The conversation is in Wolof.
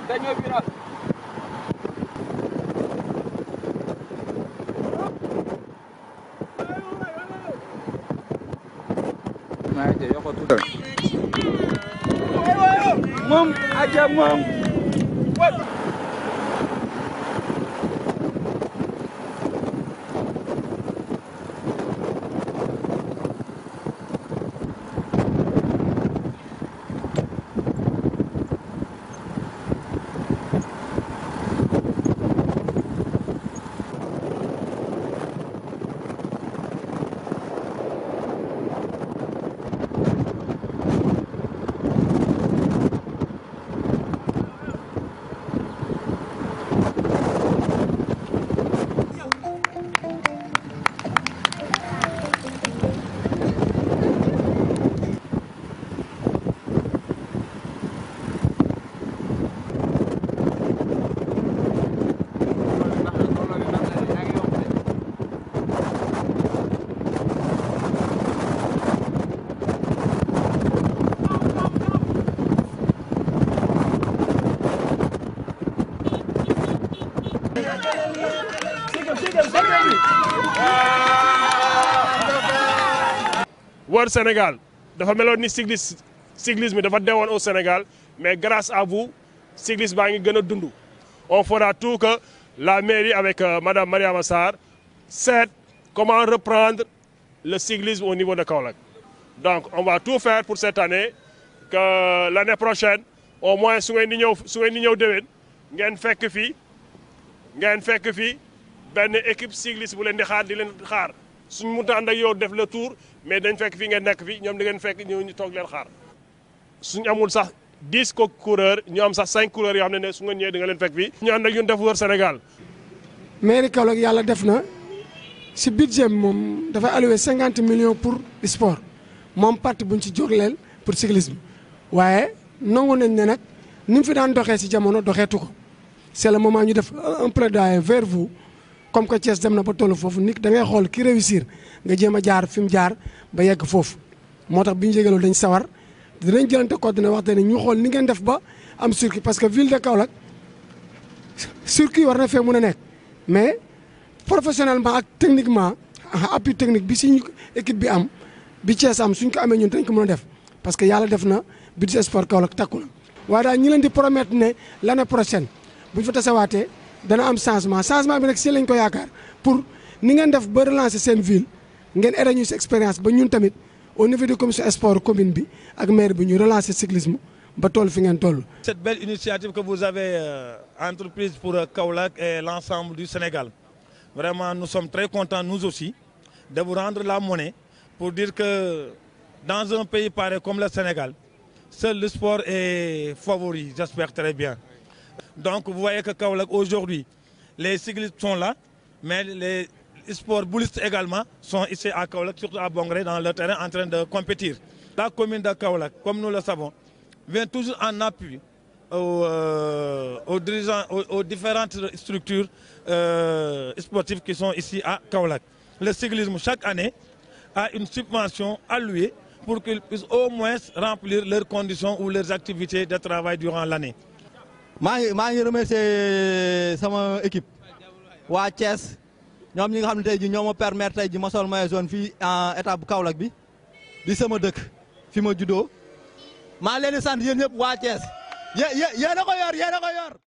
virar, ganhou virar. Nerede yok otur. Mum, acaba mum. wër Sénégal dafa meloon ni cyclisme cyclisme dafa deewoon au Sénégal mais grâce à vous cyclisme baa ngi gën a dund on fera tout que la mairie avec euh, madame Mariama Sarr seet comment reprendre le cyclisme au niveau de Kaolack donc on va tout faire pour cette année que l'année prochaine au moins su ngeen di ñëw su ngeen fekk fii ngeen fekk fii benn équipe cycliste bu leen di xaar di leen xaar suñ mënut a ànd ak yow def le tour mais dañ fekk fii ngeen nekk fii ñoom di ngeen fekk ñëw ñu toog leen xaar suñ amul sax dix ko coureur ñu am sax cinq coureurs yoo xam ne ne su ngeen ñëwee di nga leen fekk fii ñu ànd ak ñun def wër Sénégal. mairie Kaolack yàlla def na si budget moom dafa alloué cinquante millions pour sport moom parti buñ ci jógleel pour cyclisme waaye nangu nañ ne nag nu fi daan doxee si jamono doxeetu ko. c' est le moment ñu def un plaidoyer vers vous comme que Thiès dem na ba tollu foofu nit dangay xool ki réussir nga jéem a jaar fi mu jaar ba yegg foofu moo tax bi ñu yégaloo dañ sawar dinañ jëlante coordonné waxte ne ñu xool ni ngeen def ba am circuit parce que ville de Kaolack circuit war na fee mun a nekk mais professionnellement ak techniquement appui technique bi suñu équipe bi am bi Thiès am suñ ko amee ñun dañ ko mën a def parce que yàlla def na budget sport Kaolack takku na waaye daal ñi leen di promettre ne l'année bu ñu fa tasawaatee dana am changement changement bi nag si lañ ko yaakaar pour ni ngeen def ba relancer seen ville ngeen ere ñu si expérience ba ñun tamit au niveau du commission sport commune bi ak maire bi ñu relancer cyclisme ba toll fi ngeen toll. cette belle initiative que vous avez euh, entreprise pour euh, Kaolack et l'ensemble du Sénégal vraiment nous sommes très contents nous aussi de vous rendre la mone pour dire que dans un pays pareil comme le Sénégal seul le sport est favori j'espère très bien. Donc vous voyez que Kaolak aujourd'hui, les cyclistes sont la mais les sports boulistes également sont ici à Kaolak, surtout à Bongré, dans le terrain en train de compétir. La commune de Kaolak, comme nous le savons, vient toujours en appui aux, euh, aux, dirigeants, aux, aux différentes structures euh, sportives qui sont ici à Kaolak. les cyclisme, chaque année, a une subvention allouée pour qu'ils puissent au moins remplir leurs conditions ou leurs activités de travail durant l'année. maa ngi maa ngi remercier euh, sama équipe waa Thiès ñoom ñi nga xam ne tey ji ñoo ma permettre tey ji ma sol maillot jaune fii en état bu Kaolack bi di sama dëkk fi ma juddoo maa leen sant yéen ñëpp waa Thiès yé yé yéen a ko yor yéen ko yor